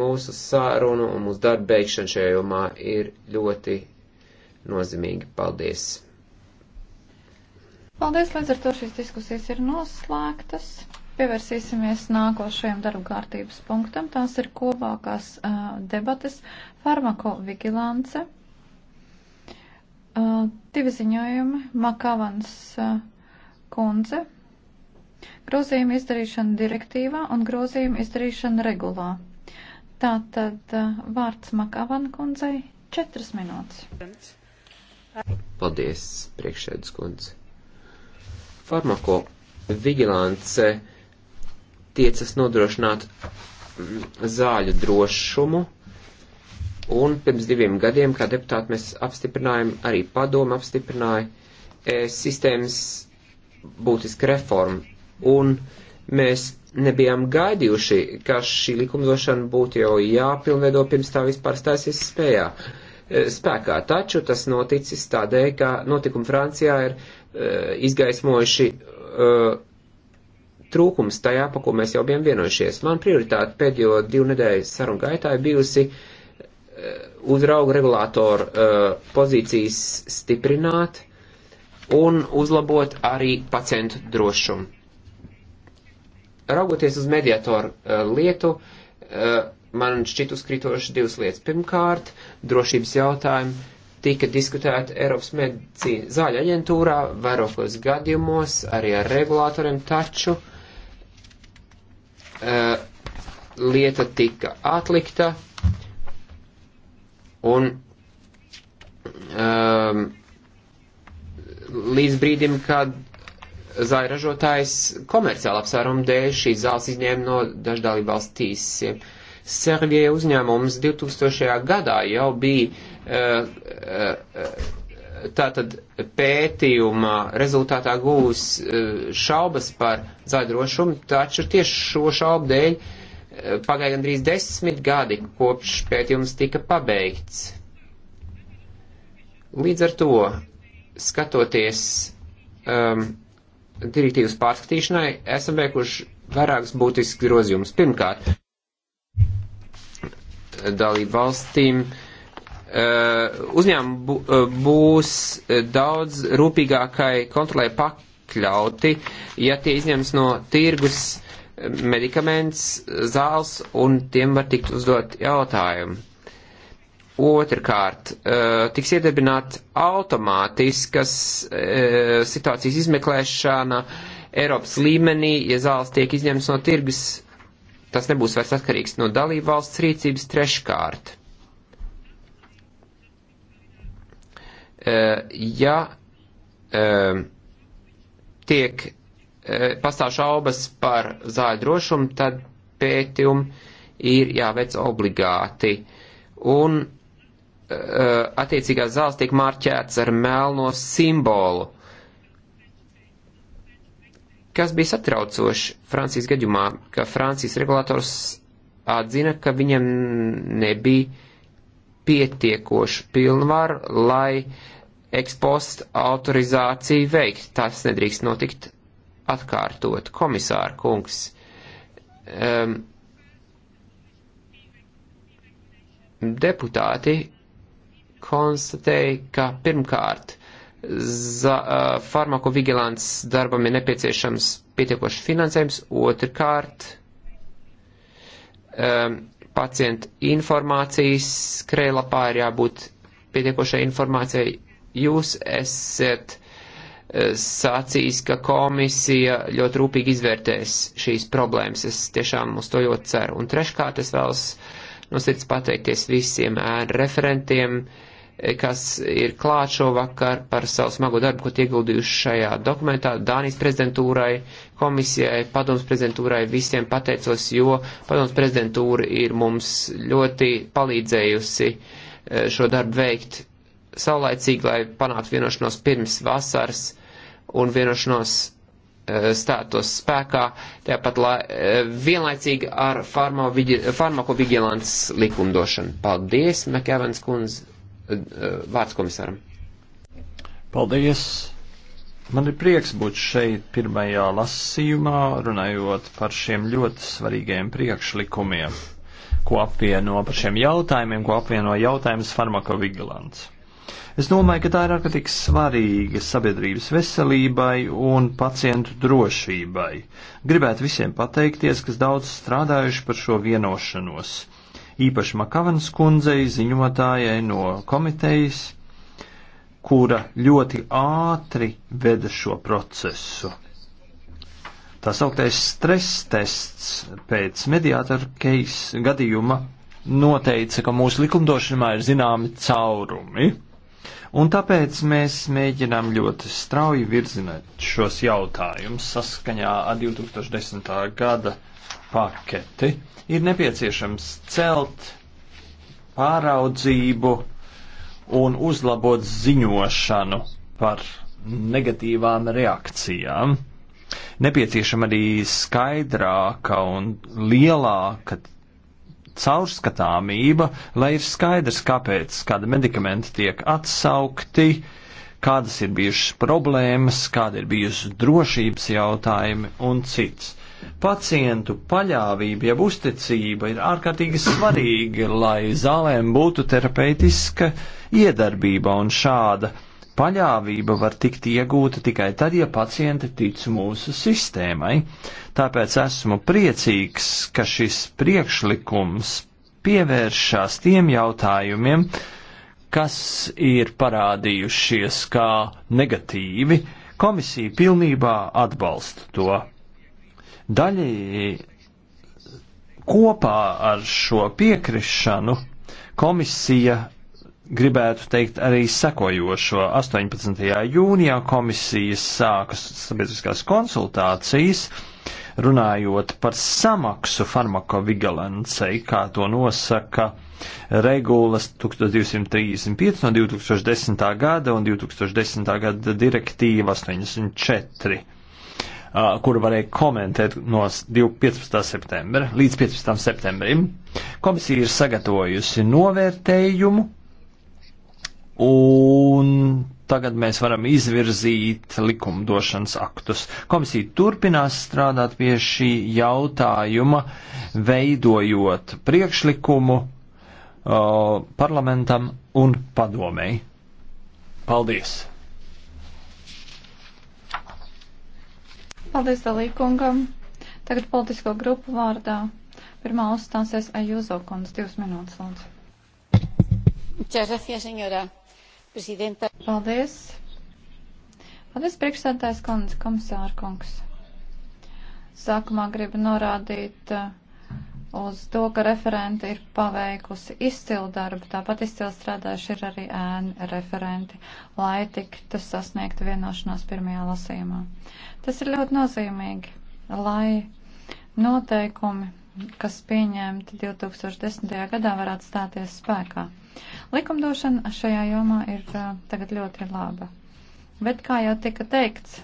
mūsu sārunu un mūsu darbu beigšana šajā jomā ir ļoti nozīmīga. Paldies! Paldies, līdz ar to šīs diskusijas ir noslēgtas. Pievērsīsimies nākošajam darba kārtības punktam. Tās ir kopākās uh, debates farmakovigilance. Uh, divi ziņojumi. Makavans uh, kundze. Grozījuma izdarīšana direktīvā un grozījuma izdarīšana regulā. Tā tad uh, vārds Makavana kundzei četras minūtes. Paldies, priekšēdus kundze. Farmako vigilance tiecas nodrošināt mm, zāļu drošumu, un pirms diviem gadiem, kā deputāti mēs apstiprinājām, arī padomu apstiprināja e, sistēmas būtisku reformu, un mēs nebijām gaidījuši, ka šī likumdošana būtu jau jāpilnvedo pirms tā vispār stāsies spējā. E, spēkā taču tas noticis tādēļ, ka notikumi Francijā ir uh, izgaismojuši uh, trūkums tajā, pa ko mēs jau bijām vienojušies. Man prioritāte pēdējo divu nedēļu sarunu gaitā ir bijusi uh, uzrauga regulātoru uh, pozīcijas stiprināt un uzlabot arī pacientu drošumu Raugoties uz mediatoru uh, lietu, uh, man šķiet uzkrītoši divas lietas. Pirmkārt, drošības jautājumi tika diskutēta Eiropas medicīna zāļa aģentūrā, vairākos gadījumos, arī ar regulātoriem, taču uh, lieta tika atlikta un um, līdz brīdim, kad zāļu ražotājs komerciāla apsvēruma dēļ šīs zāles izņēma no daždalību valstīsiem. Servija uzņēmums 2000. gadā jau bija uh, uh, tātad pētījuma rezultātā gūs eh, šaubas par zaļdrošumu, taču tieši šo šaubu dēļ pagāja gandrīz desmit gadi, kopš pētījums tika pabeigts. Līdz ar to, skatoties um, direktīvas pārskatīšanai esam veikuši vairākus būtiskus grozījumus. Pirmkārt, dalību valstīm eh, uzņēmumi eh, būs eh, daudz rūpīgākai kontrolē pakļauti, ja tie izņems no tirgus medikaments, zāles, un tiem var tikt uzdot jautājumu Otrkārt, eh, tiks iedarbināta automātiskas eh, situācijas izmeklēšana Eiropas līmenī, ja zāles tiek izņemts no tirgus, tas nebūs vairs atkarīgs no dalību valsts rīcības. Treškārt, eh, ja tiek pastāv šaubas par zāļu drošumu, tad pētījumi ir jāveic obligāti. Un Eh, attiecīgās zāles tiek marķēts ar melno simbolu. Kas bija satraucoši Francijas gadījumā, ka Francijas regulators atzina, ka viņam nebija pietiekoši pilnvaru, lai ekspost autorizāciju veikt. Tas nedrīkst notikt atkārtot. Komisāra kungs. Um, deputāti konstatēja, ka pirmkārt farmakovigilants darbam ir nepieciešams pietiekošs finansējums, otrkārt um, pacientu informācijas skrējlapā ir jābūt pietiekošai informācijai. Jūs esat sacījis, ka komisija ļoti rūpīgi izvērtēs šīs problēmas. Es tiešām uz to ļoti ceru. Un treškārt es vēlos no sirds pateikties visiem ēnu referentiem, uh, kas ir klāt šovakar par savu smago darbu, ko ieguldījuši šajā dokumentā. Dānijas prezidentūrai, komisijai, padoms prezidentūrai visiem pateicos, jo padoms prezidentūra ir mums ļoti palīdzējusi eh, šo darbu veikt saulaicīgi, lai panāktu vienošanos pirms vasaras un vienošanos eh, stātos spēkā, tāpat lai, eh, vienlaicīgi ar farmakovigilants likumdošanu. Paldies, Mekevans kundze! Vārds komisāram. Paldies! Man ir prieks būt šeit pirmajā lasījumā, runājot par šiem ļoti svarīgiem priekšlikumiem, ko apvieno par šiem jautājumiem, ko apvieno jautājums farmakovigilants. Es domāju, ka tā ir ārkārtīgi svarīga sabiedrības veselībai un pacientu drošībai. Gribētu visiem pateikties, kas daudz strādājuši par šo vienošanos īpaši Makavanas kundzei, ziņotājai no komitejas, kura ļoti ātri veda šo procesu. Tā sauktais stress tests pēc mediātora case gadījuma noteica, ka mūsu likumdošanā ir zināmi caurumi Un tāpēc mēs mēģinām ļoti strauji virzināt šos jautājumus saskaņā ar 2010. gada paketi. Ir nepieciešams celt pāraudzību un uzlabot ziņošanu par negatīvām reakcijām. Nepieciešama arī skaidrāka un lielāka caurskatāmība, lai ir skaidrs, kāpēc kāda medikamenta tiek atsaukti, kādas ir bijušas problēmas, kāda ir bijusi drošības jautājumi un cits. Pacientu paļāvība, jeb uzticība ir ārkārtīgi svarīga, lai zālēm būtu terapeitiska iedarbība un šāda Paļāvība var tikt iegūta tikai tad, ja pacienti tic mūsu sistēmai. Tāpēc esmu priecīgs, ka šis priekšlikums pievēršās tiem jautājumiem, kas ir parādījušies kā negatīvi. Komisija pilnībā atbalsta to. Daļēji kopā ar šo piekrišanu komisija gribētu teikt arī sekojošo. 18. jūnijā komisijas sākas sabiedriskās konsultācijas, runājot par samaksu farmakovigilancei, kā to nosaka regulas 1235 no 2010. gada un 2010. gada direktīva 84 kuru varēja komentēt no 15. septembra līdz 15. septembrim. Komisija ir sagatavojusi novērtējumu un tagad mēs varam izvirzīt likumdošanas aktus. Komisija turpinās strādāt pie šī jautājuma, veidojot priekšlikumu uh, parlamentam un padomēji. Paldies! Paldies dalīkungam. Tagad politisko grupu vārdā. Pirmā uzstāsies Ajūzo kundze. Divas minūtes, lūdzu. Muchas gracias, señora prezidenta. Paldies. Paldies, priekšsēdētājs kundze, komisāra kungs. Sākumā gribu norādīt uh, uz to, ka referente ir paveikusi izcilu darbu, tāpat izcilu strādājuši ir arī ēni referenti, lai tiktu sasniegta vienošanās pirmajā lasījumā. Tas ir ļoti nozīmīgi, lai noteikumi kas pieņemti 2010. gadā, varētu stāties spēkā. Likumdošana šajā jomā ir uh, tagad ļoti laba. Bet, kā jau tika teikts,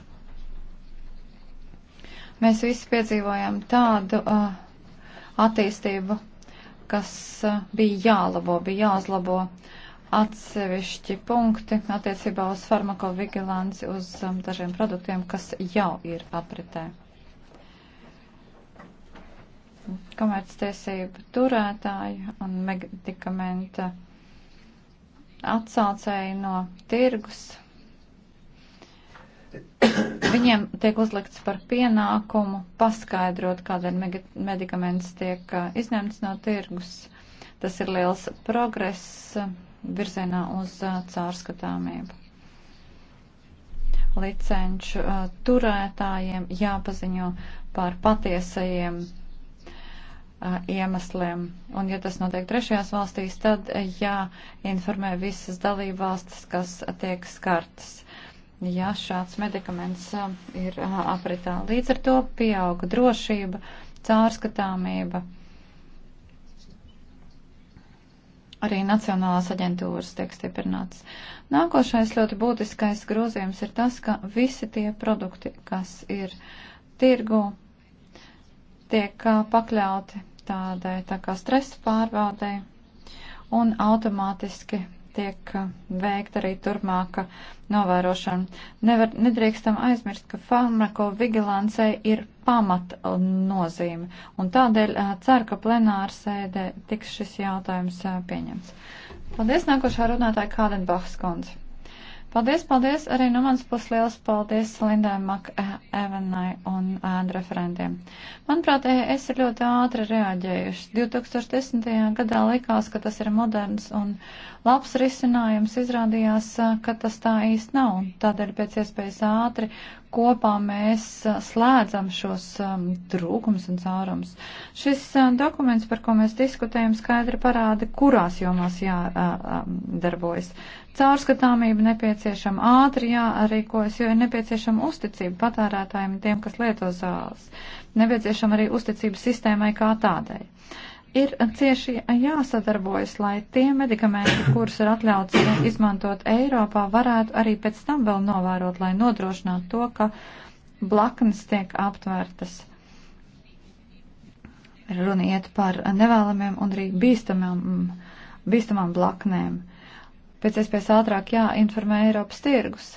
mēs visi piedzīvojam tādu uh, attīstību, kas uh, bija jālabo, bija jāuzlabo atsevišķi punkti attiecībā uz farmakovigilanci, uz um, dažiem produktiem, kas jau ir apritē komerctiesību turētāju un medikamenta atsaucēju no tirgus. Viņiem tiek uzlikts par pienākumu paskaidrot, kādēļ medikaments tiek izņemts no tirgus. Tas ir liels progress virzienā uz caurskatāmību. Licenču turētājiem jāpaziņo par patiesajiem iemesliem. Un, ja tas notiek trešajās valstīs, tad jāinformē visas dalībvalstis, kas tiek skartas, ja šāds medikaments ir apritā. Līdz ar to pieauga drošība, cārskatāmība. Arī Nacionālās aģentūras tiek stiprināts. Nākošais ļoti būtiskais grozījums ir tas, ka visi tie produkti, kas ir tirgu, tiek pakļauti tādai tā kā stresa pārbaudē un automātiski tiek uh, veikta arī turpmāka novērošana. Nevar, nedrīkstam aizmirst, ka farmakovigilancei ir pamata uh, nozīme, un tādēļ uh, ceru, ka plenāra sēdē tiks šis jautājums pieņemts. Paldies, nākošā runātāja Kādenbachs kundze. Paldies, paldies arī no manas puses liels paldies Lindai Mak-Evenai un ēnu referentiem. Manuprāt, es ir ļoti ātri reaģējuši. 2010. gadā likās, ka tas ir moderns un labs risinājums, izrādījās, ka tas tā īsti nav. Tādēļ pēc iespējas ātri kopā mēs slēdzam šos um, trūkums un caurums. Šis um, dokuments, par ko mēs diskutējam, skaidri parāda, kurās jomās jādarbojas. Uh, Caurskatāmība nepieciešama ātri jārīkojas, jo ir nepieciešama uzticība patērētājiem tiem, kas lieto zāles. Nepieciešama arī uzticība sistēmai kā tādai. Uh, ir cieši jāsadarbojas, lai tie medikamenti, kurus ir atļauts izmantot Eiropā, varētu arī pēc tam vēl novērot, lai nodrošinātu to, ka blaknes tiek aptvērtas. Runa iet par nevēlamiem un arī bīstamām, bīstamām blaknēm. Pēc iespējas ātrāk jāinformē Eiropas tirgus.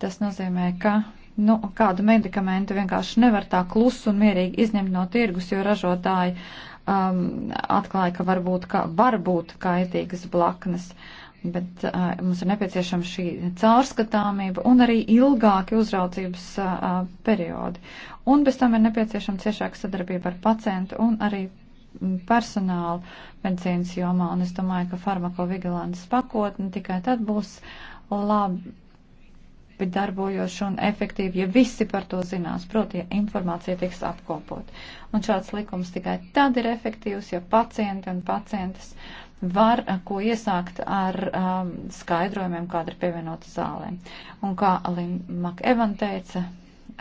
Tas nozīmē, ka nu, kādu medikamentu vienkārši nevar tā klusu un mierīgi izņemt no tirgus, jo ražotāji uh, um, atklāja, ka varbūt ka var būt kaitīgas blaknes. Bet uh, mums ir nepieciešama šī caurskatāmība un arī ilgāki uzraudzības uh, periodi. Un bez tam ir nepieciešama ciešāka sadarbība ar pacientu un arī personālu medicīnas jomā. Un es domāju, ka farmakovigilants pakotne tikai tad būs labi bet darbojoši un efektīvi, ja visi par to zinās, proti, ja informācija tiks apkopot. Un šāds likums tikai tad ir efektīvs, ja pacienti un pacientes var eh, ko iesākt ar um, skaidrojumiem, kāda ir pievienota zālēm. Un kā Lima Evan teica,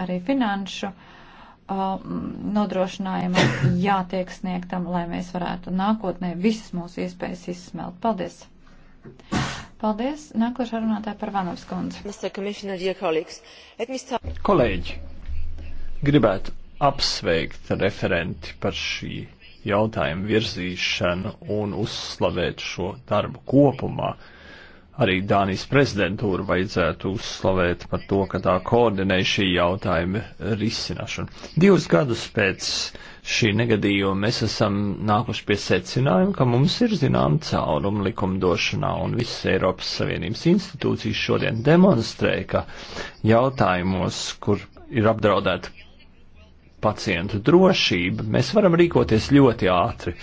arī finanšu um, nodrošinājumam jātiek sniegtam, lai mēs varētu nākotnē visas mūsu iespējas izsmelt. Paldies! Paldies. Nākošā runātāja par Vanovas kundzi. Kolēģi, gribētu apsveikt referenti par šī jautājuma virzīšanu un uzslavēt šo darbu kopumā arī Dānijas prezidentūru vajadzētu uzslavēt par to, ka tā koordinē šī jautājuma risināšanu. Divus gadus pēc šī negadījuma mēs esam nākuši pie secinājuma, ka mums ir zinām cauruma likumdošanā, un visas Eiropas Savienības institūcijas šodien demonstrē, ka jautājumos, kur ir apdraudēta pacientu drošība, mēs varam rīkoties ļoti ātri.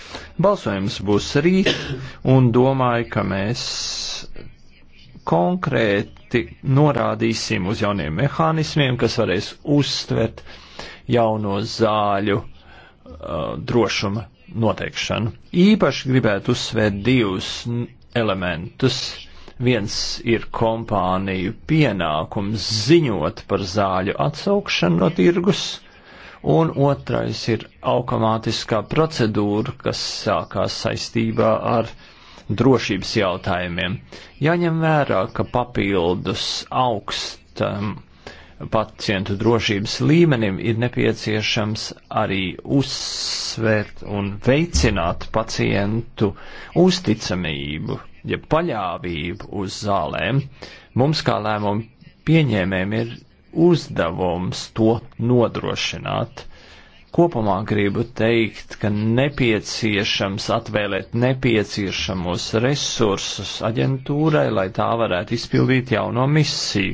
Balsojums būs rīt, un domāju, ka mēs konkrēti norādīsim uz jauniem mehānismiem, kas varēs uztvert jauno zāļu uh, drošuma noteikšanu. Īpaši gribētu uzsvērt divus elementus. Viens ir kompāniju pienākums ziņot par zāļu atsaukšanu no tirgus, un otrais ir automātiskā procedūra, kas sākās saistībā ar uh, drošības jautājumiem. Jāņem vērā, ka papildus augstam pacientu drošības līmenim ir nepieciešams arī uzsvērt un veicināt pacientu uzticamību, ja paļāvību uz zālēm. Mums kā lēmumu pieņēmējiem ir uzdevums to nodrošināt. Kopumā gribu teikt, ka nepieciešams atvēlēt nepieciešamos resursus aģentūrai, lai tā varētu izpildīt jauno misiju.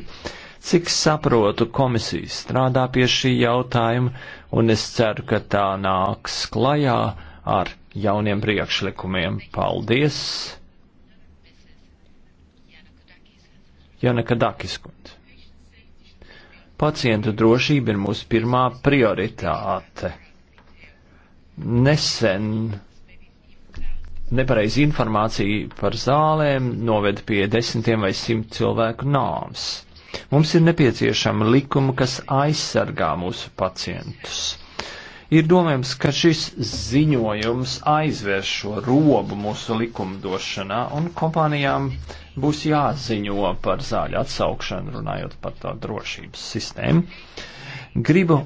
Cik saprotu, komisija strādā pie šī jautājuma, un es ceru, ka tā nāks klajā ar jauniem priekšlikumiem. Paldies! Janaka Dakisku. Pacientu drošība ir mūsu pirmā prioritāte. Nesen nepareizi informācija par zālēm noved pie desmitiem vai simt cilvēku nāvs. Mums ir nepieciešama likuma, kas aizsargā mūsu pacientus. Ir domājams, ka šis ziņojums aizvērs šo robu mūsu likumdošanā, un kompānijām būs jāziņo par zāļu atsaukšanu, runājot par tā drošības sistēmu. Gribu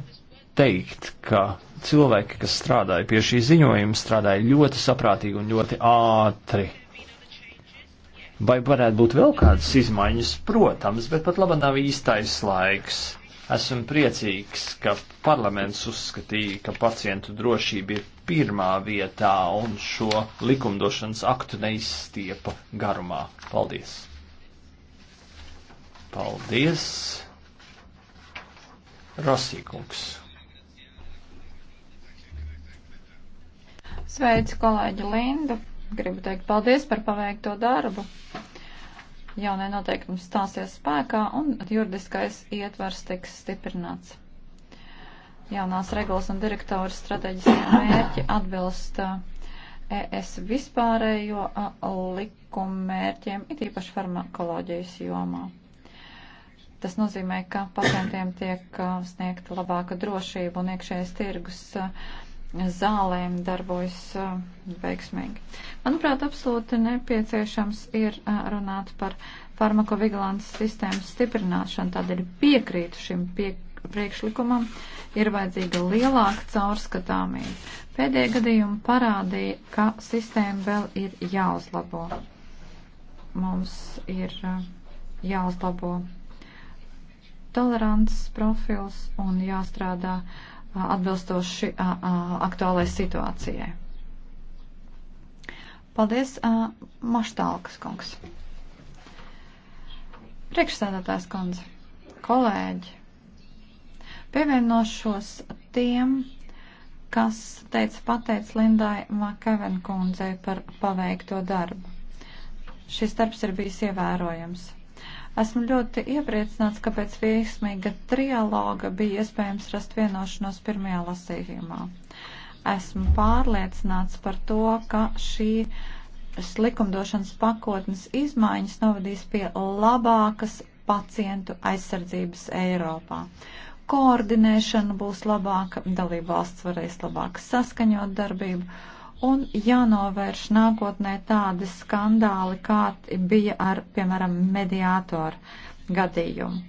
teikt, ka cilvēki, kas strādāja pie šī ziņojuma, strādāja ļoti saprātīgi un ļoti ātri. Vai varētu būt vēl kādas izmaiņas? Protams, bet pat laba nav īstais laiks Esmu priecīgs, ka parlaments uzskatīja, ka pacientu drošība ir pirmā vietā un šo likumdošanas aktu neizstiepa garumā. Paldies! Paldies! Rosīkungs! Sveicu kolēģi Lindu! Gribu teikt paldies par paveikto darbu jaunie noteikumi stāsies spēkā un juridiskais ietvers tiks stiprināts. Jaunās regulas un direktora strateģiskie mērķi atbilst uh, ES vispārējo uh, likumu mērķiem, it īpaši farmakoloģijas jomā. Tas nozīmē, ka pacientiem tiek uh, sniegta labāka drošība un iekšējais tirgus uh, zālēm darbojas veiksmīgi. Manuprāt, absolūti nepieciešams ir runāt par farmakovigilants sistēmas stiprināšanu, tādēļ piekrītu šim pie, priekšlikumam, ir vajadzīga lielāka caurskatāmība. Pēdējie gadījumi parādīja, ka sistēma vēl ir jāuzlabo. Mums ir jāuzlabo tolerants profils un jāstrādā uh, atbilstoši aktuālajai situācijai. Paldies, Maštālkas kungs. Priekšsēdētājs kundze, kolēģi, pievienošos tiem, kas teica pateic Lindai Makaven kundzei par paveikto darbu. Šis darbs ir bijis ievērojams. Esmu ļoti iepriecināts, ka pēc veiksmīga trialoga bija iespējams rast vienošanos pirmajā lasījumā. Esmu pārliecināts par to, ka šī likumdošanas pakotnes izmaiņas novadīs pie labākas pacientu aizsardzības Eiropā. Koordinēšana būs labāka, dalība valsts varēs labāk saskaņot darbību un jānovērš nākotnē tādi skandāli, kādi bija ar, piemēram, mediātoru gadījumu.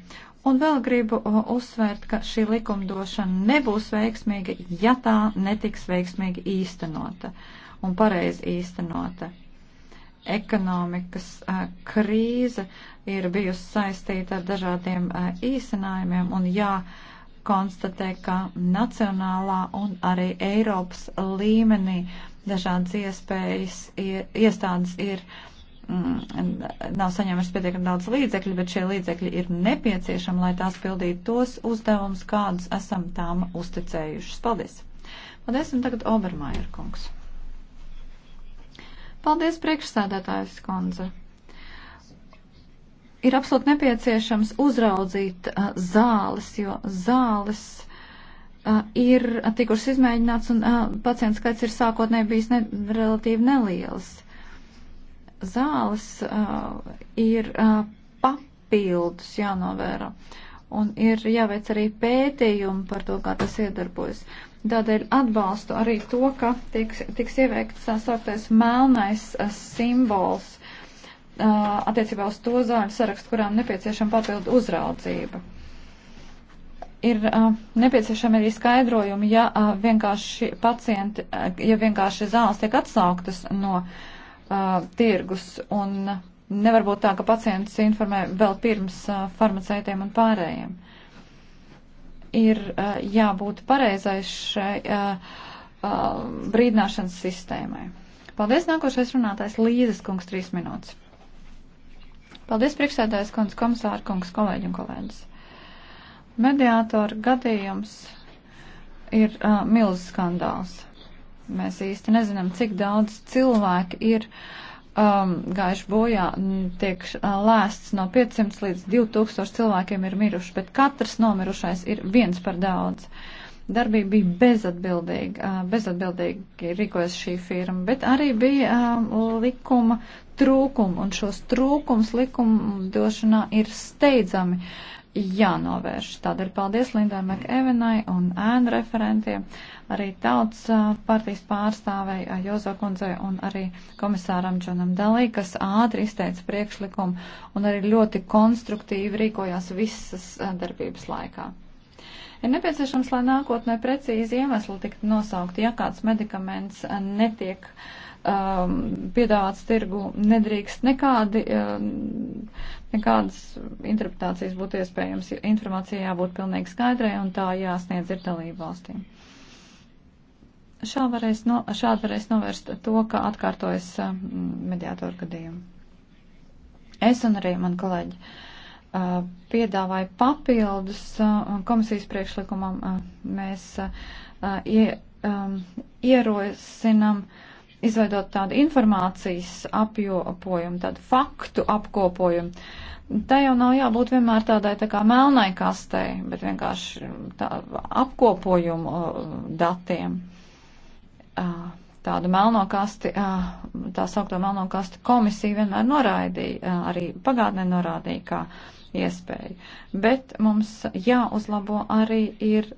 Un vēl gribu uzsvērt, ka šī likumdošana nebūs veiksmīga, ja tā netiks veiksmīgi īstenota un pareizi īstenota. Ekonomikas krīze ir bijusi saistīta ar dažādiem īsinājumiem un jā. Ja konstatē, ka nacionālā un arī Eiropas līmenī dažādas iespējas, ir, iestādes ir, mm, nav saņēmušas pietiekami daudz līdzekļu, bet šie līdzekļi ir nepieciešami, lai tās pildītu tos uzdevumus, kādus esam tām uzticējušas. Paldies! Paldies, un tagad Obermajer kungs. Paldies, priekšsādātājs kundze. Ir absolūti nepieciešams uzraudzīt uh, zāles, jo zāles ir tikušas izmēģināts un pacientu skaits ir sākotnēji bijis ne, relatīvi neliels. Zāles ir papildus jānovēro un ir jāveic arī pētījumi par to, kā tas iedarbojas. Tādēļ atbalstu arī to, ka tiks, tiks ieveikts sāktais melnais simbols attiecībā uz to zāļu sarakstu, kurām nepieciešama papildu uzraudzība ir uh, nepieciešami arī skaidrojumi, ja uh, vienkārši pacienti, uh, ja vienkārši zāles tiek atsauktas no uh, tirgus un nevar būt tā, ka pacients informē vēl pirms uh, farmaceitiem un pārējiem. Ir uh, jābūt pareizai šai uh, uh, brīdināšanas sistēmai. Paldies, nākošais runātājs Līzes kungs, trīs minūtes. Paldies, priekšsēdājs kungs, komisāra kungs, kolēģi un kolēģis. Mediātora gadījums ir uh, milz skandāls. Mēs īsti nezinām, cik daudz cilvēki ir um, gājuši bojā, tiek uh, lēsts no 500 līdz 2000 cilvēkiem ir miruši, bet katrs nomirušais ir viens par daudz. Darbība bija bezatbildīga, uh, bezatbildīgi rīkojas šī firma, bet arī bija um, likuma trūkumi, un šos trūkums likuma došanā ir steidzami jānovērš. Tādēļ paldies Lindai Mekevenai un ēnu referentiem, arī tautas partijas pārstāvēji Jozo kundzei un arī komisāram Džonam Dalī, kas ātri izteica priekšlikumu un arī ļoti konstruktīvi rīkojās visas darbības laikā. Ir nepieciešams, lai nākotnē precīzi iemesli tiktu nosaukti, ja kāds medikaments netiek uh, um, piedāvāts tirgu, nedrīkst nekādi, um, nekādas interpretācijas būt iespējams. Informācija jābūt pilnīgi skaidrai un tā jāsniedz ir dalību valstīm. Šā varēs no, šādi varēs novērst to, ka atkārtojas um, mediātoru gadījumu. Es un arī man kolēģi uh, piedāvāju papildus uh, komisijas priekšlikumam. Uh, mēs uh, ie, um, ierosinam uh, izveidot tādu informācijas apjopojumu, tādu faktu apkopojumu. Tā jau nav jābūt vienmēr tādai tā kā melnai kastei, bet vienkārši tā, apkopojumu uh, datiem. Uh, tādu melno kasti, uh, tā saukto melno kasti komisija vienmēr noraidīja, arī pagātnē norādīja, kā iespēju. Bet mums jāuzlabo arī ir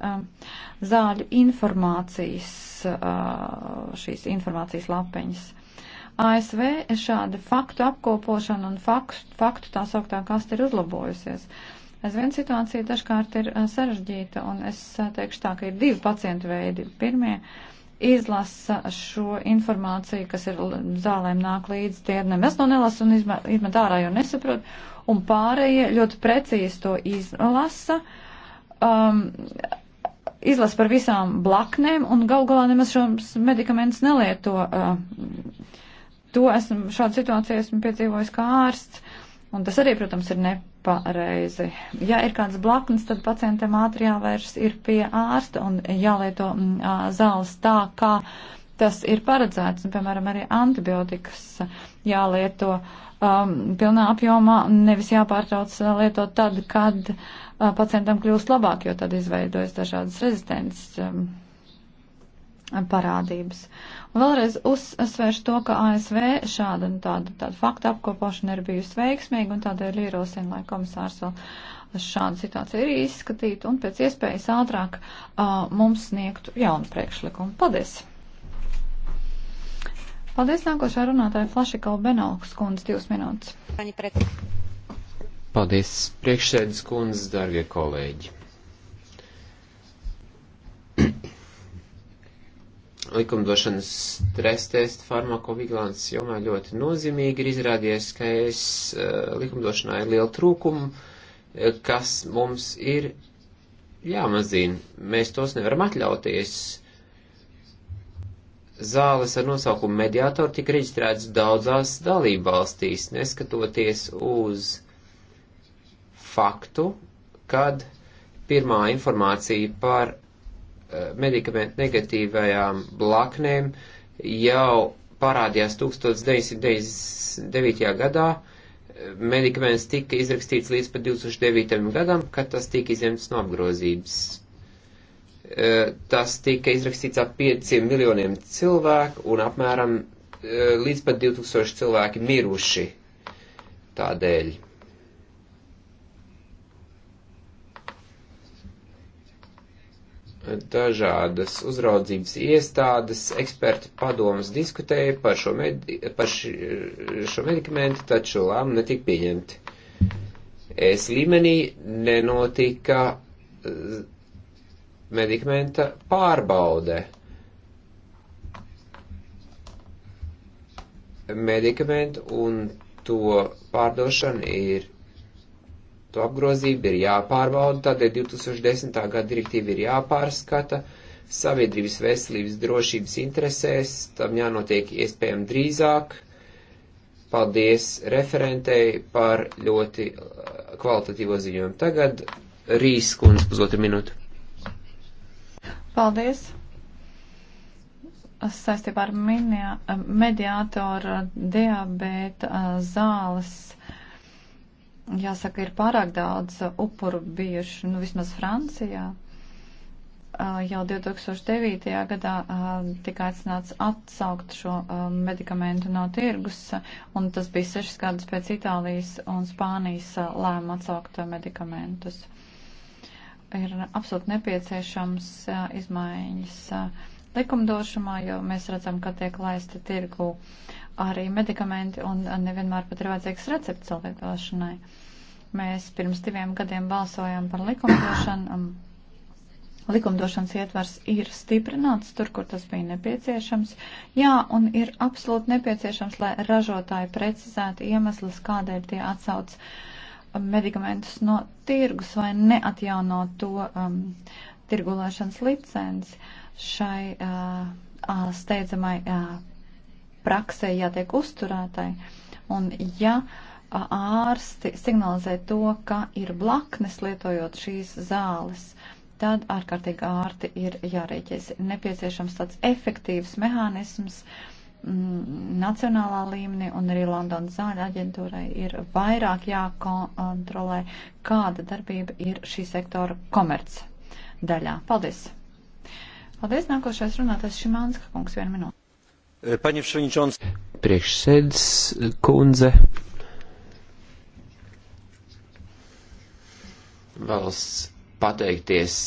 zāļu informācijas Uh, šīs informācijas lapiņas. ASV šāda faktu apkopošana un faktu, faktu tā sauktā kasta ir uzlabojusies. Aizvien situācija dažkārt ir uh, sarežģīta, un es uh, teikšu tā, ka ir divi pacientu veidi. Pirmie izlasa šo informāciju, kas ir zālēm nāk līdz, tie nemaz to nelasa un izmet ārā, jo nesaprot, un pārējie ļoti precīzi to izlasa. Um, izlasa par visām blaknēm un gal galā nemaz šos medikamentus nelieto. Uh, to esmu, šādu situāciju esmu piedzīvojis kā ārsts, un tas arī, protams, ir nepareizi. Ja ir kāds blaknes, tad pacientam ātri jāvēršas ir pie ārsta un jālieto uh, zāles tā, kā. Uh, tas ir paredzēts, un, piemēram, arī antibiotikas jālieto um, pilnā apjomā, nevis jāpārtrauc uh, lietot tad, kad uh, pacientam kļūst labāk, jo tad izveidojas dažādas rezistences um, parādības. Un vēlreiz uzsvēršu to, ka ASV šāda un tāda, tāda fakta apkopošana ir bijusi veiksmīga, un tādēļ ierosina, lai komisārs vēl šādu situāciju ir izskatītu un pēc iespējas ātrāk uh, mums sniegtu jaunu priekšlikumu. Paldies! Paldies, nākošā runātāja Flašikala Benalks kundze, divas minūtes. Paldies, priekšsēdus kundze, darbie kolēģi. likumdošanas stres testa farmakovigilants jomā ļoti nozīmīgi ir izrādies, ka es eh, likumdošanā ir liela trūkuma, eh, kas mums ir jāmazina. Mēs tos nevaram atļauties zāles ar nosaukumu mediātori tika reģistrētas daudzās dalībvalstīs, neskatoties uz faktu, kad pirmā informācija par eh, medikamentu negatīvajām blaknēm jau parādījās 1999. gadā. Medikaments tika izrakstīts līdz pat 2009. gadam, kad tas tika izņemts no apgrozības E, tas tika izrakstīts ap 5 miljoniem cilvēku un apmēram e, līdz pat 2000 cilvēki miruši tādēļ. Dažādas uzraudzības iestādes, eksperti padomas diskutēja par šo, medi par šo medikamentu, taču lēmumi netika pieņemti. Es līmenī nenotika medikamenta pārbaude. Medikamentu un to pārdošana ir, to apgrozība ir jāpārbauda, tādēļ 2010. gada direktīva ir jāpārskata sabiedrības veselības drošības interesēs, tam jānotiek iespējami drīzāk. Paldies referentei par ļoti uh, kvalitatīvo ziņojumu. Tagad Rīs kundze pusotru minūtu. Paldies! Saistībā ar minijā, mediātoru diabēta zāles, jāsaka, ir pārāk daudz upuru bijuši, nu vismaz Francijā jau 2009. gadā tika aicināts atsaukt šo medikamentu no tirgus, un tas bija sešas gadus pēc Itālijas un Spānijas lēma atsaukt medikamentus ir absolūti nepieciešams izmaiņas likumdošumā, jo mēs redzam, ka tiek laisti tirgu arī medikamenti un nevienmēr pat ir vajadzīgs recepts salvietošanai. Mēs pirms diviem gadiem balsojām par likumdošanu. Likumdošanas ietvars ir stiprināts tur, kur tas bija nepieciešams. Jā, un ir absolūti nepieciešams, lai ražotāji precizētu iemeslus, kādēļ tie atsauc uh, medikamentus no tirgus vai neatjauno to um, tirgulēšanas licenci šai uh, steidzamai uh, praksē jātiek uzturētai. Un ja uh, ārsti signalizē to, ka ir blaknes lietojot šīs zāles, tad ārkārtīgi ārti ir jārēķies. Nepieciešams tāds efektīvs mehānisms, uh, Mm, nacionālā līmenī un arī Londonas zāļu aģentūrai ir vairāk jākontrolē, kāda darbība ir šī sektora komerc daļā. Paldies! Paldies, nākošais runātājs Šimānska kungs, vienu minūti. E, Paņemšanīčons. Priekšsēdz kundze. Valsts pateikties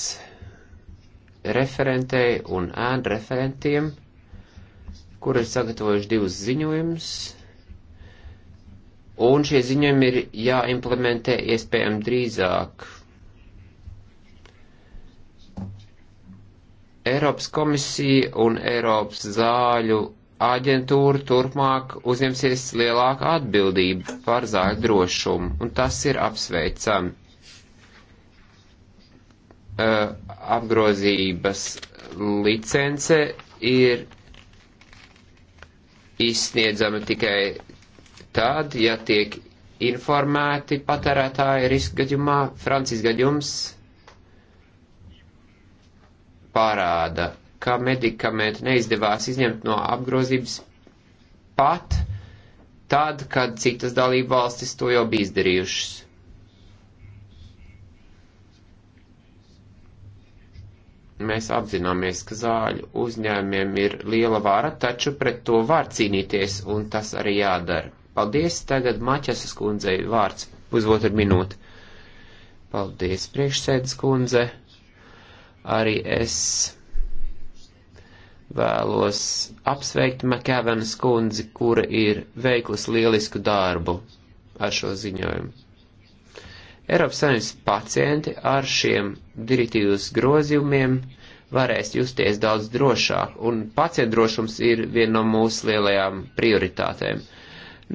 referentei un ēn referentiem kur ir sagatavojuši divus ziņojumus, un šie ziņojumi ir jāimplementē iespējami drīzāk. Eiropas komisija un Eiropas zāļu aģentūra turpmāk uzņemsies lielāku atbildību par zāļu drošumu, un tas ir apsveicami. Uh, apgrozības licence ir izsniedzami tikai tad, ja tiek informēti patērētāji riska gadījumā. Francijas gadījums parāda, ka medikamenti neizdevās izņemt no apgrozības pat tad, kad citas dalība valstis to jau bija izdarījušas. Mēs apzināmies, ka zāļu uzņēmiem ir liela vara, taču pret to var cīnīties, un tas arī jādara. Paldies, tagad Maķesas kundzei vārds pusotru minūti. Paldies, priekšsēdes kundze. Arī es vēlos apsveikt Makēvenas kundzi, kura ir veiklis lielisku darbu ar šo ziņojumu. Eiropas Savienības pacienti ar šiem direktīvas grozījumiem varēs justies daudz drošāk, un pacientu drošums ir viena no mūsu lielajām prioritātēm.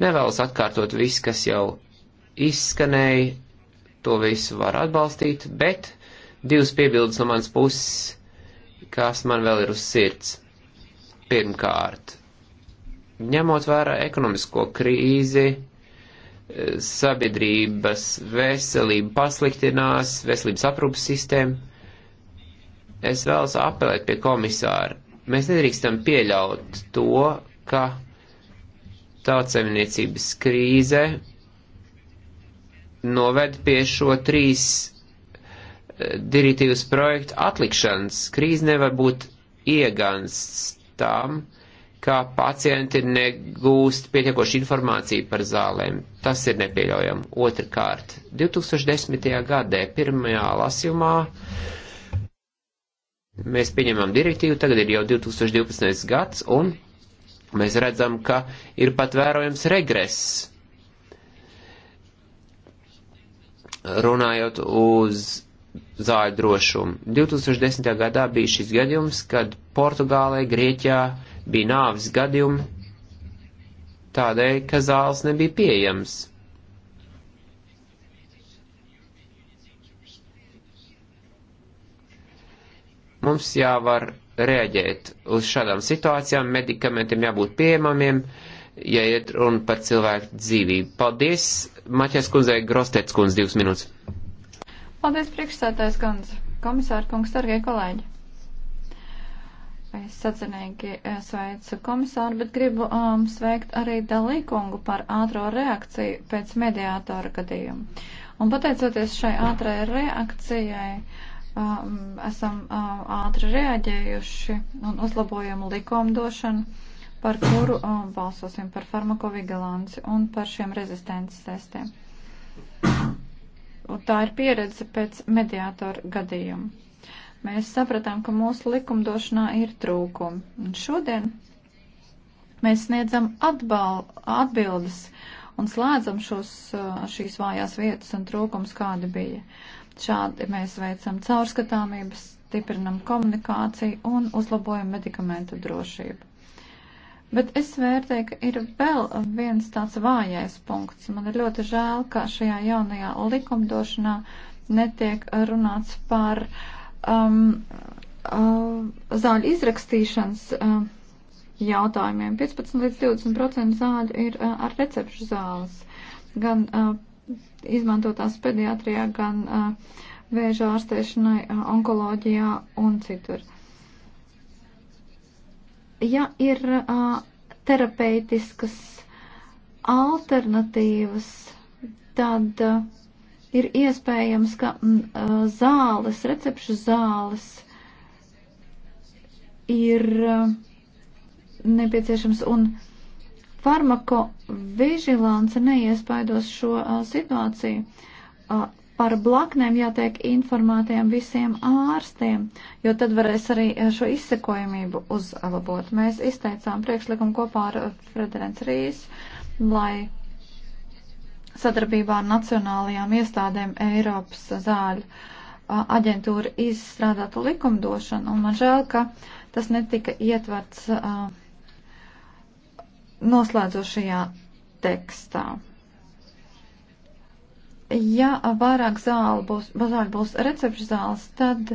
Nevēlas atkārtot viss, kas jau izskanēja, to visu var atbalstīt, bet divas piebildes no manas puses, kas man vēl ir uz sirds. Pirmkārt, ņemot vērā ekonomisko krīzi, sabiedrības veselība pasliktinās, veselības aprūpas sistēma. Es vēlos apelēt pie komisāra. Mēs nedrīkstam pieļaut to, ka tautsemniecības krīze noved pie šo trīs eh, direktīvas projektu atlikšanas. Krīze nevar būt iegansts tām, uh, ka pacienti negūst pietiekoši informāciju par zālēm. Tas ir nepieļaujami. Otrakārt, 2010. gadē pirmajā lasjumā mēs pieņemam direktīvu, tagad ir jau 2012. gads, un mēs redzam, ka ir pat vērojams regress. Runājot uz zāļu drošumu. 2010. gadā bija šis gadījums, kad Portugālē, Grieķijā, bija nāvis gadījumi, tādēļ, ka zāles nebija pieejams. Mums jāvar reaģēt uz šādām situācijām, medikamentiem jābūt pieejamiem, ja iet runa par cilvēku dzīvību. Paldies, Maķēs kundzei, Grostets kundz, divas minūtes. Paldies, priekšsētājs kundze, komisāra kungs, dargie kolēģi. Es sacenīgi eh, sveicu komisāru, bet gribu um, sveikt arī Dalīkungu par ātro reakciju pēc mediātora gadījuma. Un pateicoties šai ātrai reakcijai, um, esam um, ātri reaģējuši un uzlabojam likumdošanu, par kuru um, balsosim par farmakovigilanci un par šiem rezistences testiem. Un tā ir pieredze pēc mediātora gadījuma mēs sapratām, ka mūsu likumdošanā ir trūkumi. Un šodien mēs sniedzam atbal, atbildes un slēdzam šos, šīs vājās vietas un trūkums, kādi bija. Šādi mēs veicam caurskatāmības, stiprinam komunikāciju un uzlabojam medikamentu drošību. Bet es vērtēju, ka ir vēl viens tāds vājais punkts. Man ir ļoti žēl, ka šajā jaunajā likumdošanā netiek runāts par uh, um, uh, zāļu izrakstīšanas uh, jautājumiem. 15 līdz 20% zāļu ir uh, ar recepšu zāles, gan uh, izmantotās pediatrijā, gan uh, vēža ārstēšanai, uh, onkoloģijā un citur. Ja ir uh, terapeitiskas alternatīvas, tad uh, ir iespējams, ka mm, zāles, recepšu zāles ir nepieciešams un farmako vigilance neiespaidos šo situāciju. Par blaknēm jātiek informētiem visiem ārstiem, jo tad varēs arī šo izsekojamību uzlabot. Mēs izteicām priekšlikumu kopā ar Frederens Rīs, lai sadarbībā ar nacionālajām iestādēm Eiropas zāļu aģentūra izstrādātu likumdošanu, un man žēl, ka tas netika ietverts uh, noslēdzošajā tekstā. Ja vairāk zāli būs, zāļu būs recepšu zāles, tad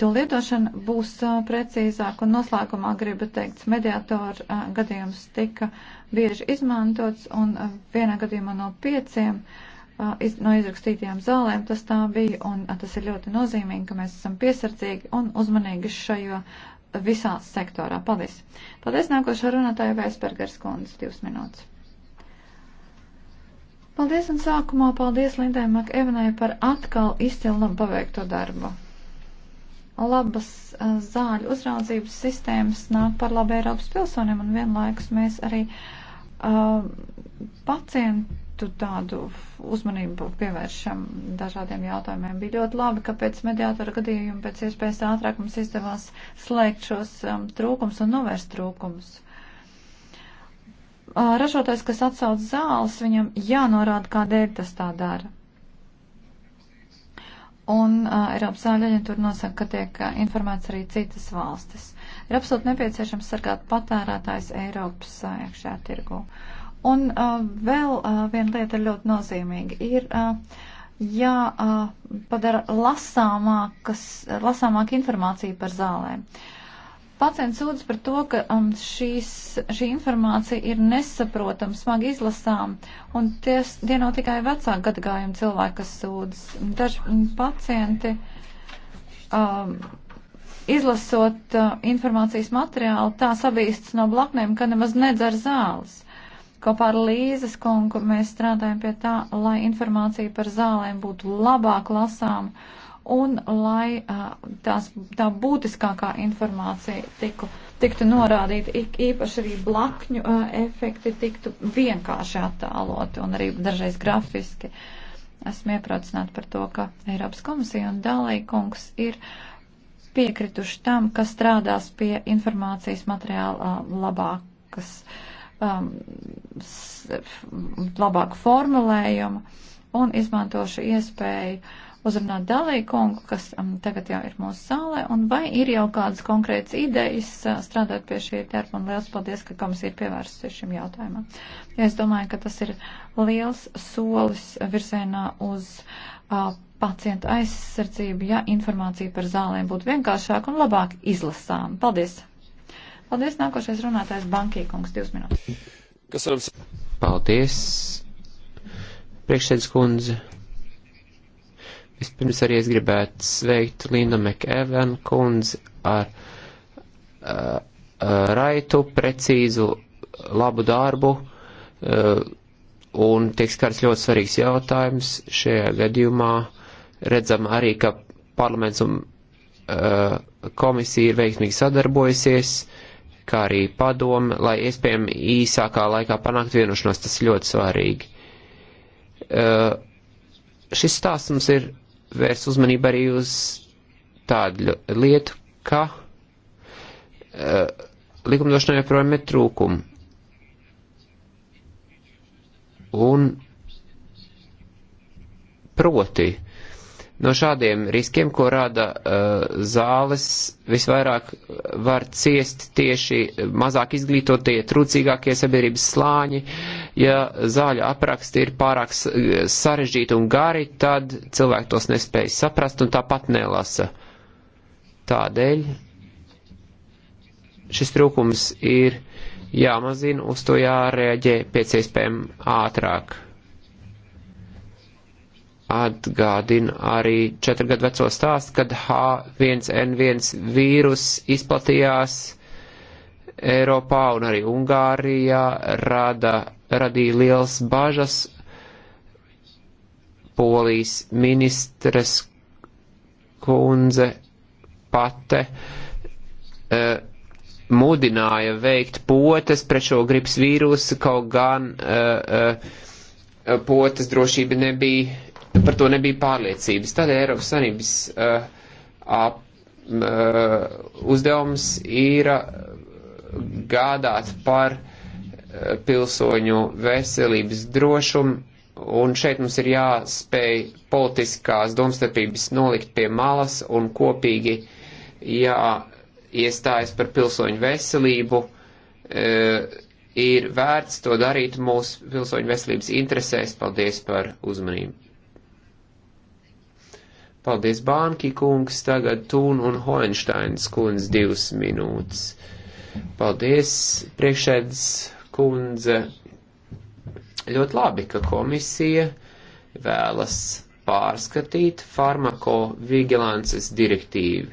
to lietošana būs uh, precīzāk, un noslēgumā gribu teikt, mediātoru uh, gadījums tika uh, bieži izmantots, un uh, vienā gadījumā no pieciem uh, iz, no izrakstītajām zālēm tas tā bija, un uh, tas ir ļoti nozīmīgi, ka mēs esam piesardzīgi un uzmanīgi šajā visā sektorā. Paldies! Paldies nākošā runātāja Vēsbergers kundze, divas minūtes. Paldies un sākumā paldies Lindai Makevenai par atkal izcilam paveikto darbu labas zāļu uzraudzības sistēmas nāk par labu Eiropas pilsoniem, un vienlaikus mēs arī Uh, pacientu tādu uzmanību pievēršam dažādiem jautājumiem. Bija ļoti labi, ka pēc mediātora gadījuma pēc iespējas ātrāk mums izdevās slēgt šos um, trūkums un novērst trūkums. Uh, ražotājs, kas atsauc zāles, viņam jānorāda, kādēļ tas tā dara. Un uh, Eiropas zāļu aģentūra nosaka, ka tiek uh, informēts arī citas valstis. Ir absolūti nepieciešams sargāt patērētājs Eiropas iekšējā tirgu. Un uh, vēl uh, viena lieta ir ļoti nozīmīga. Ir uh, jāpadara uh, lasāmākas, lasāmāk informācija par zālēm. Pacients sūdz par to, ka um, šīs, šī informācija ir nesaprotama, smagi izlasām, un ties, tie nav tikai vecāku gadagājumu cilvēki, kas sūdz. Daži pacienti um, izlasot uh, informācijas materiālu, tā sabīsts no blaknēm, ka nemaz nedzer zāles. Kopā ar Līzes kungu mēs strādājam pie tā, lai informācija par zālēm būtu labāk lasām un lai uh, tās, tā būtiskākā informācija tiku, tiktu norādīta, īpaši arī blakņu uh, efekti tiktu vienkārši attēloti un arī dažreiz grafiski. Esmu iepracināta par to, ka Eiropas komisija un dalīkungs ir uh, piekrituši tam, ka strādās pie informācijas materiāla labākas, um, labāku formulējumu un izmantošu iespēju uzrunāt dalīju kungu, kas um, tagad jau ir mūsu zālē, un vai ir jau kādas konkrētas idejas strādāt pie šī darba, un liels paldies, ka komisija ir pievērsusi šim jautājumam. Ja es domāju, ka tas ir liels solis virzienā uz uh, pacientu aizsardzību, ja informācija par zālēm būtu vienkāršāka un labāk izlasām. Paldies! Paldies! Nākošais runātājs Bankīkungs, divas minūtes. Kas varam? Paldies! Priekšsēdus kundze. Vispirms arī es gribētu sveikt Lindu McEvenu kundzi ar uh, raitu, precīzu, labu darbu. Uh, un tiek skars ļoti svarīgs jautājums šajā gadījumā. Uh, Redzam arī, ka parlaments un uh, komisija ir veiksmīgi sadarbojusies, kā arī padome, lai iespējami īsākā laikā panākt vienošanos, tas ļoti svarīgi. Uh, šis stāsts mums ir vērs uzmanību arī uz tādu lietu, ka uh, eh, likumdošanā joprojām ir trūkumi. Un proti, uh, No šādiem riskiem, ko rada uh, zāles, visvairāk var ciest tieši mazāk izglītotie, trūcīgākie sabiedrības slāņi. Ja zāļu apraksti ir pārāk sarežģīti un gari, tad cilvēki tos nespēj saprast un tāpat nelasa. Tādēļ šis trūkums ir jāmazina, uz to jārēģē pēc iespējām ātrāk. Atgādina arī četru gadu veco stāstu, kad H1N1 vīrus izplatījās Eiropā un arī Ungārijā, rada, radīja liels bažas. Polijas ministres kundze pate uh, mudināja veikt potes pret šo gripas vīrusu, kaut gan uh, uh, potes drošība nebija Nu, par to nebija pārliecības. Tad Eiropas Sanības uh, ap, uh, uzdevums ir uh, gādāt par uh, pilsoņu veselības drošumu, un šeit mums ir jāspēj politiskās domstarpības nolikt pie malas un kopīgi jāiestājas par pilsoņu veselību. Uh, ir vērts to darīt mūsu pilsoņu veselības interesēs. Paldies par uzmanību! Paldies, Bānki kungs, tagad Tūn un Hoensteins kundz divas minūtes. Paldies, priekšēdz kundze. Ļoti labi, ka komisija vēlas pārskatīt farmakovigilances direktīvu.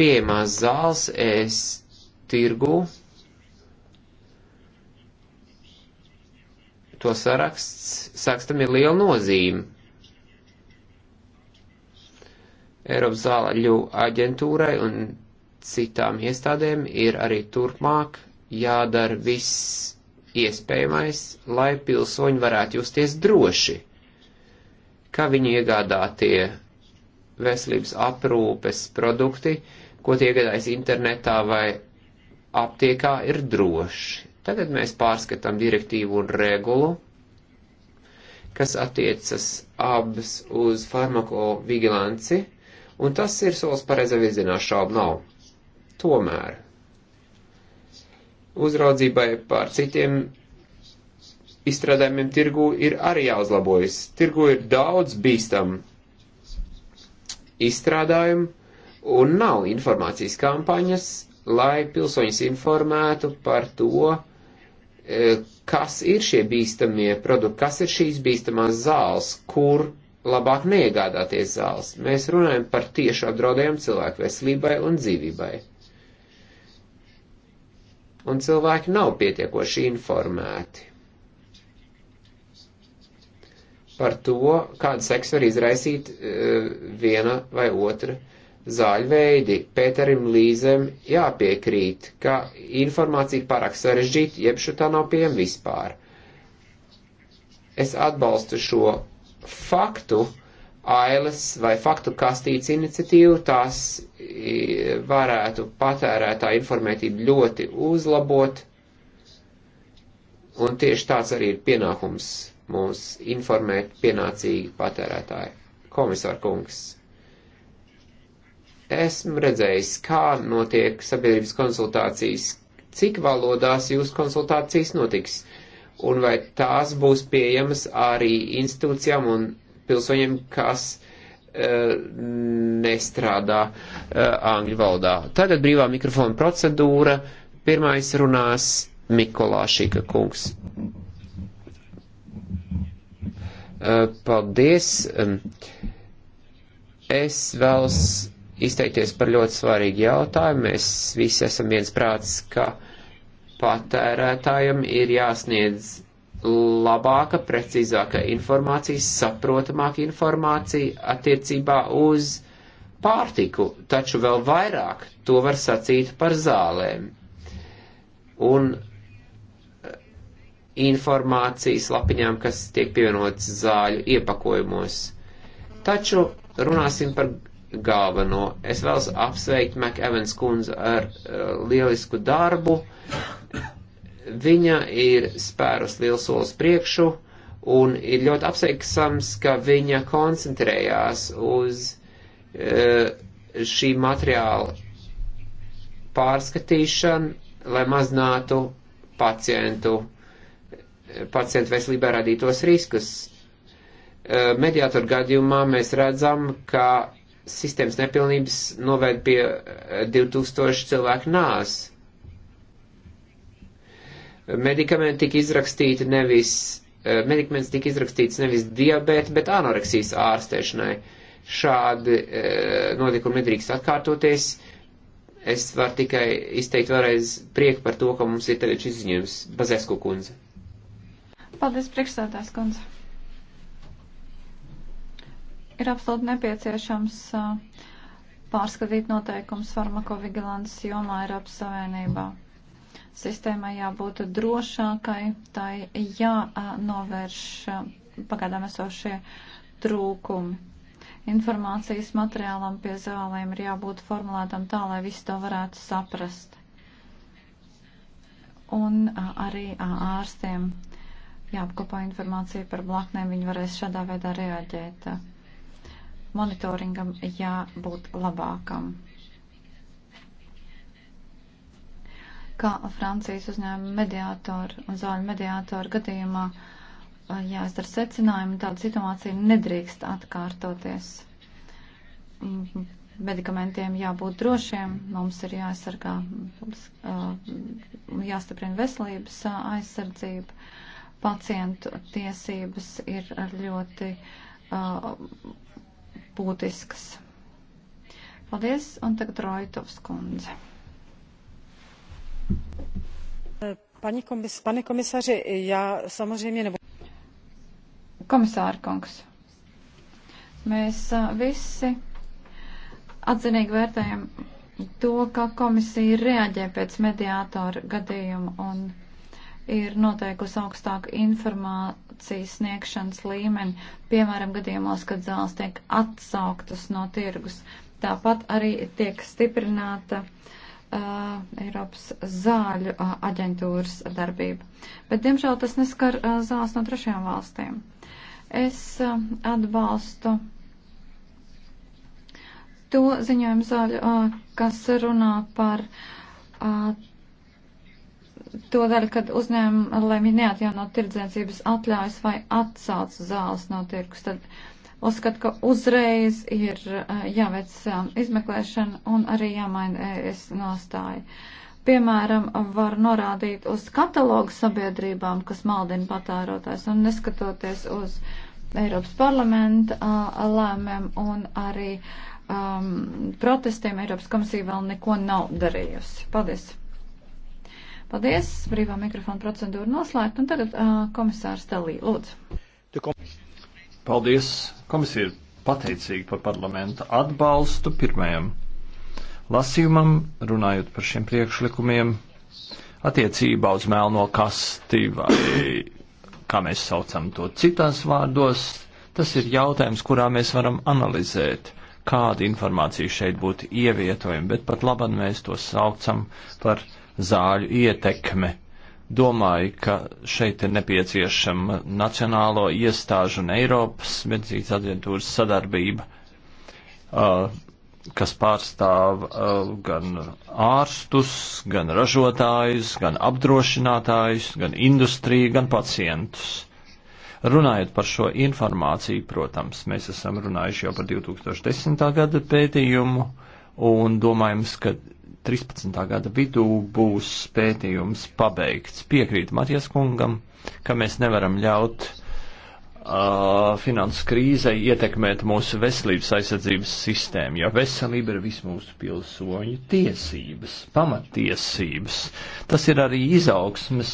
Piemās zāles es tirgu to saraksts sākstam ir liela nozīme. Eiropas zāļu aģentūrai un citām iestādēm ir arī turpmāk jādara viss iespējamais, lai pilsoņi varētu justies droši, ka viņu iegādātie veselības aprūpes produkti, ko tie iegādājas internetā vai aptiekā, ir droši. Tagad mēs pārskatām direktīvu un regulu, kas attiecas abas uz farmakovigilanci Un tas ir solis pareizā virzienā, šaubu nav. Tomēr uzraudzībai pār citiem izstrādājumiem tirgu ir arī jāuzlabojas. Tirgu ir daudz bīstam izstrādājumu un nav informācijas kampaņas, lai pilsoņus informētu par to, eh, kas ir šie bīstamie produkti, kas ir šīs bīstamās zāles, kur labāk neiegādāties zāles. Mēs runājam par tiešu apdraudējumu cilvēku veselībai un dzīvībai. Un cilvēki nav pietiekoši informēti par to, kāda seks var izraisīt uh, viena vai otra zāļu veidi. Pēterim Līzem jāpiekrīt, ka informācija ir pārāk sarežģīta, jeb šitā nav pieejama vispār. Es atbalstu šo faktu ailes vai faktu kastītes iniciatīvu, tās varētu patērētā informētību ļoti uzlabot, un tieši tāds arī ir pienākums mūs informēt pienācīgi patērētāji. Komisār kungs, esmu redzējis, kā notiek sabiedrības konsultācijas, cik valodās jūs konsultācijas notiks un vai tās būs pieejamas arī institūcijām un pilsoņiem, kas uh, nestrādā uh, angļu valodā. Tagad brīvā mikrofona procedūra. Pirmais runās Mikolāšika kungs. Uh, paldies. Um, es vēlos izteikties par ļoti svarīgu jautājumu. Mēs visi esam viens prāts, ka uh, patērētājiem ir jāsniedz labāka, precīzāka informācija, saprotamāka informācija attiecībā uz pārtiku, taču vēl vairāk to var sacīt par zālēm. Un eh, informācijas lapiņām, kas tiek pievienotas zāļu iepakojumos. Taču runāsim par galveno. Es vēlos apsveikt McEvans kundzi ar uh, lielisku darbu, Viņa ir spērus liels solis priekšu un ir ļoti apsveicams, ka viņa koncentrējās uz eh, šī materiāla pārskatīšanu, lai mazinātu pacientu, pacientu veselībā radītos riskus. Eh, mediātoru gadījumā mēs redzam, ka sistēmas nepilnības noved pie 2000 eh, cilvēku nāves medikamenti tika izrakstīti nevis, eh, medikaments tika izrakstīts nevis diabēta, bet anoreksijas ārstēšanai. Šādi eh, notikumi nedrīkst atkārtoties. Es varu tikai izteikt vēlreiz prieku par to, ka mums ir tagad šis ziņojums. Bazesku kundze. Paldies, priekšsētājs kundze. Ir absolūti nepieciešams uh, pārskatīt noteikums farmakovigilants jomā Eiropas Savienībā. Mm. Sistēmai jābūt drošākai, tai jānovērš pagaidām esošie trūkumi. Informācijas materiālam pie zālēm ir jābūt formulētam tā, lai visi to varētu saprast. Un arī ārstiem jāapkopā informācija par blaknēm, viņi varēs šādā veidā reaģēt. Monitoringam jābūt labākam. kā Francijas uzņēmuma mediātoru un zāļu mediātoru gadījumā jāizdara secinājumi, tāda situācija nedrīkst atkārtoties. Mm, medikamentiem jābūt drošiem, mums ir jāaizsargā, jāstiprina veselības aizsardzība, pacientu tiesības ir ļoti būtiskas. Paldies, un tagad Roitovs kundze. Komis, pane komisāri, jā, samozřejmě nebo... Komisāra kungs, mēs visi atzinīgi vērtējam to, ka komisija reaģē pēc mediātora gadījuma un ir noteikusi augstāku informācijas sniegšanas līmeni, piemēram, gadījumos, kad zāles tiek atsauktas no tirgus. Tāpat arī tiek stiprināta uh, uh, Eiropas zāļu uh, aģentūras darbību. Bet, diemžēl, tas neskar uh, zāles no trešajām valstīm. Es uh, atbalstu to ziņojumu zāļu, uh, kas runā par uh, to daļu, kad uzņēmumi lemj neatjaunot tirdzniecības atļaujas vai atsauc zāles no tirkus. Tad, uh, Uzskatu, ka uzreiz ir eh, jāveic eh, izmeklēšana un arī jāmaina es nostāju. Piemēram, var norādīt uz katalogu sabiedrībām, kas maldina patērotājs un neskatoties uz Eiropas parlamenta eh, lēmēm un arī um, protestiem Eiropas komisija vēl neko nav darījusi. Paldies! Paldies! Brīvā mikrofona procedūra noslēgta un tagad uh, komisārs Telī, lūdzu. Paldies! Komisija ir pateicīga par parlamenta atbalstu pirmajam lasījumam, runājot par šiem priekšlikumiem attiecībā uz melno kasti vai kā mēs saucam to citās vārdos. Tas ir jautājums, kurā mēs varam analizēt, kāda informācija šeit būtu ievietojama, bet pat labam mēs to saucam par zāļu ietekme Domāju, ka šeit ir nepieciešama nacionālo iestāžu un Eiropas medicīnas aģentūras sadarbība, kas pārstāv gan ārstus, gan ražotājus, gan apdrošinātājus, gan industriju, gan pacientus. Runājot par šo informāciju, protams, mēs esam runājuši jau par 2010. gada pētījumu un domājams, ka 13. gada vidū būs pētījums pabeigts. Piekrīt Matijas kungam, ka mēs nevaram ļaut uh, finanses krīzai ietekmēt mūsu veselības aizsardzības sistēmu, jo veselība ir visu mūsu pilsoņu tiesības, pamattiesības. Tas ir arī izaugsmes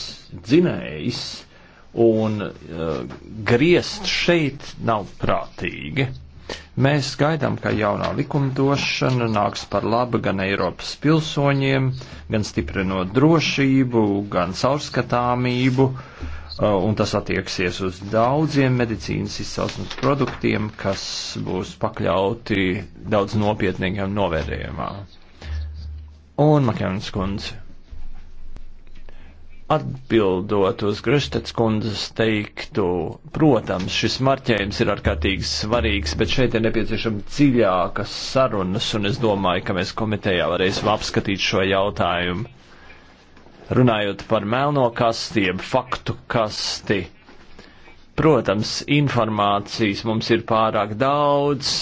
dzinējs, un uh, griezt šeit nav prātīgi. Mēs gaidām, ka jaunā likumdošana nāks par labu gan Eiropas pilsoņiem, gan stiprinot drošību, gan caurskatāmību, uh, un tas attieksies uz daudziem medicīnas izcelsmes produktiem, kas būs pakļauti daudz nopietnīgam novērtējumam. Un Makēnas kundze. Atbildot uz Grunstedts kundzes teiktu, protams, šis marķējums ir ārkārtīgi svarīgs, bet šeit ir nepieciešama dziļākas sarunas, un es domāju, ka mēs komitejā varēsim apskatīt šo jautājumu. Runājot par melno kasti, jeb faktu kasti, protams, informācijas mums ir pārāk daudz,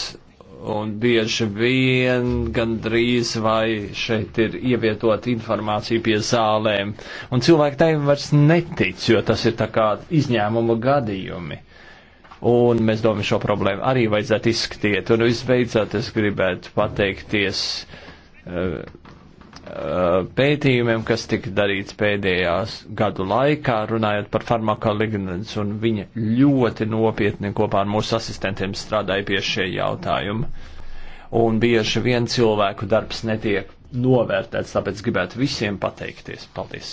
un bieži vien gandrīz vai šeit ir ievietot informāciju pie zālēm, un cilvēki tam vairs netic, jo tas ir tā kā izņēmuma gadījumi. Un mēs domājam, šo problēmu arī vajadzētu izskatiet. Un visbeidzot, es gribētu pateikties uh, Uh, pētījumiem, kas tika darīts pēdējās gadu laikā, runājot par farmakolignants, un viņa ļoti nopietni kopā ar mūsu asistentiem strādāja pie šie jautājumi. Un bieži vien cilvēku darbs netiek novērtēts, tāpēc gribētu visiem pateikties. Paldies!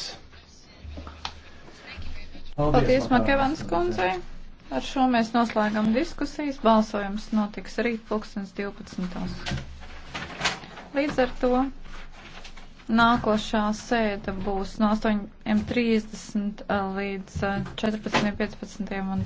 Paldies, Paldies Makevans kundzei! Ar šo mēs noslēgam diskusijas. Balsojums notiks rīt pulkstens 12. Līdz ar to Nākošā sēde būs no 8.30 eh, līdz 14.15. Eh, un 20.